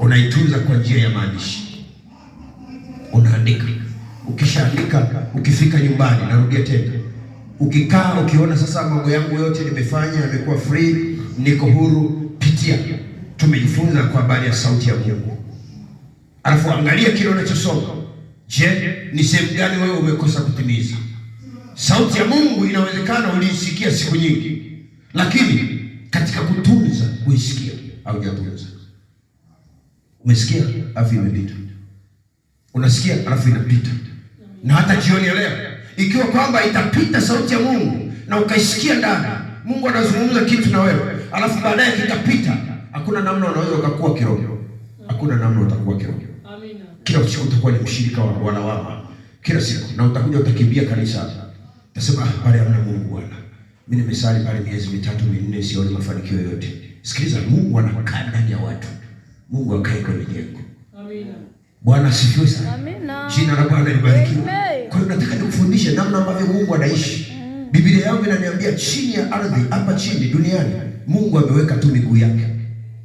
unaitunza kwa njia ya maandishi, unaandika. Ukishaandika, ukifika nyumbani, narudia tena, ukikaa ukiona sasa mambo yangu yote nimefanya, nimekuwa free, niko huru, pitia. Tumejifunza kwa habari ya sauti ya Mungu, alafu angalia kile unachosoma. Je, ni sehemu gani wewe umekosa kutimiza? Sauti ya Mungu inawezekana uliisikia siku nyingi, lakini katika kutunza kuisikia haujatunza. Umesikia alafu imepita, unasikia alafu inapita, na hata jioni ya leo ikiwa kwamba itapita sauti ya Mungu na ukaisikia ndani, Mungu anazungumza kitu na wewe, alafu baadaye kitapita. Hakuna namna unaweza ukakuwa kiroho, hakuna namna utakuwa kiroho. Amina. Kila siku utakuwa ni mshirika wa wana wanawama, kila siku, na utakuja utakimbia kanisa, utasema ah, pale hamna Mungu bwana mimi nimesali pale miezi mitatu minne, sioni mafanikio yoyote. Sikiliza, Mungu anakaa ndani ya watu. Mungu akae kwenye jengo. Amina. Bwana asifiwe sana. Amina. Jina la Bwana libarikiwe. Kwa hiyo nataka nikufundishe namna ambavyo Mungu anaishi. Mm. Biblia yangu inaniambia chini ya ardhi hapa chini duniani Mungu ameweka tu miguu yake.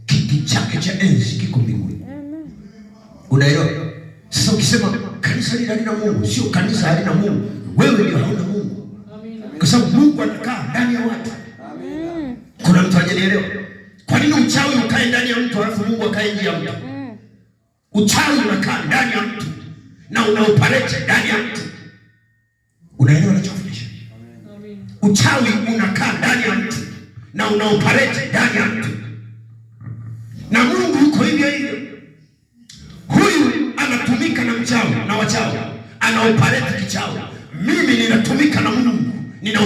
Kiti chake cha enzi kiko mbinguni. Unaelewa? Sasa ukisema kanisa hili halina Mungu, sio kanisa halina Mungu. Wewe ndio hauna Mungu. Amina. Kwa sababu Mungu anakaa ndani ya watu. Amina. Kuna mtu hajanielewa? Kwa nini uchawi ukae ndani ya mtu alafu Mungu akae juu ya mtu? Mm. Uchawi unakaa ndani ya mtu na unaoparete ndani ya mtu. Unaelewa nachofundisha? Uchawi unakaa ndani ya mtu na unaoparete ndani ya mtu, na Mungu yuko hivyo hivyo. Huyu anatumika na mchawi na wachawi, anaoparete kichawi. Mimi ninatumika na Mungu nina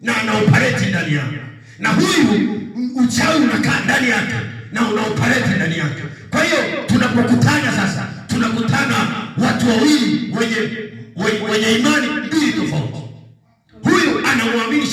na anaopareti ndani yake, na huyu uchawi unakaa ndani yake na unaopareti ndani yake. Kwa hiyo tunapokutana sasa, tunakutana watu wawili wenye, wenye imani mbili tofauti. Huyu anauamini